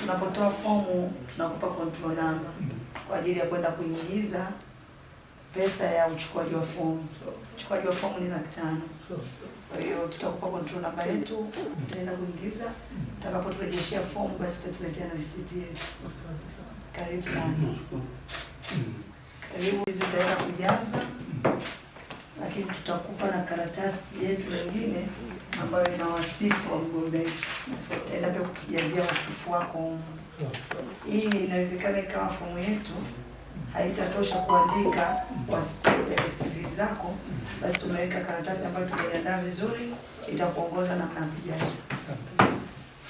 tunapotoa fomu tunakupa control number kwa ajili ya kwenda kuingiza pesa ya uchukuaji wa fomu. Uchukuaji wa fomu ni laki tano. Kwa hiyo tutakupa control namba yetu, utaenda kuingiza. utakapoturejeshea fomu, basi tutatuletea na risiti yetu. Karibu sana, karibu. Hizi utaenda kujaza, lakini tutakupa na karatasi yetu nyingine ambayo ina wasifu wa mgombea, eh, utaenda pia wasifu wako umu. Hii inawezekana ikawa fomu yetu haitatosha kuandika CV eh, zako, basi tumeweka karatasi ambayo tumeiandaa vizuri, itakuongoza namna ya kujaza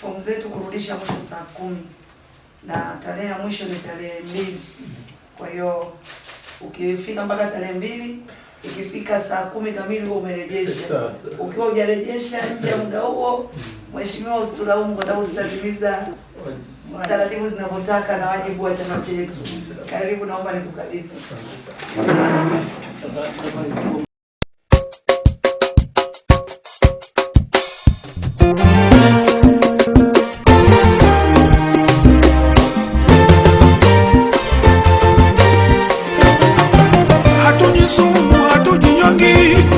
fomu zetu, kurudisha mwisho saa kumi na tarehe ya mwisho ni tarehe mbili. Kwa hiyo ukifika mpaka tarehe mbili ikifika saa kumi kamili huo umerejesha. Ukiwa hujarejesha nje ya muda huo, mheshimiwa, usitulaumu kwa sababu tutatimiza taratibu zinavyotaka na wajibu wa chama chetu. Karibu, naomba nikukabidhi. 你。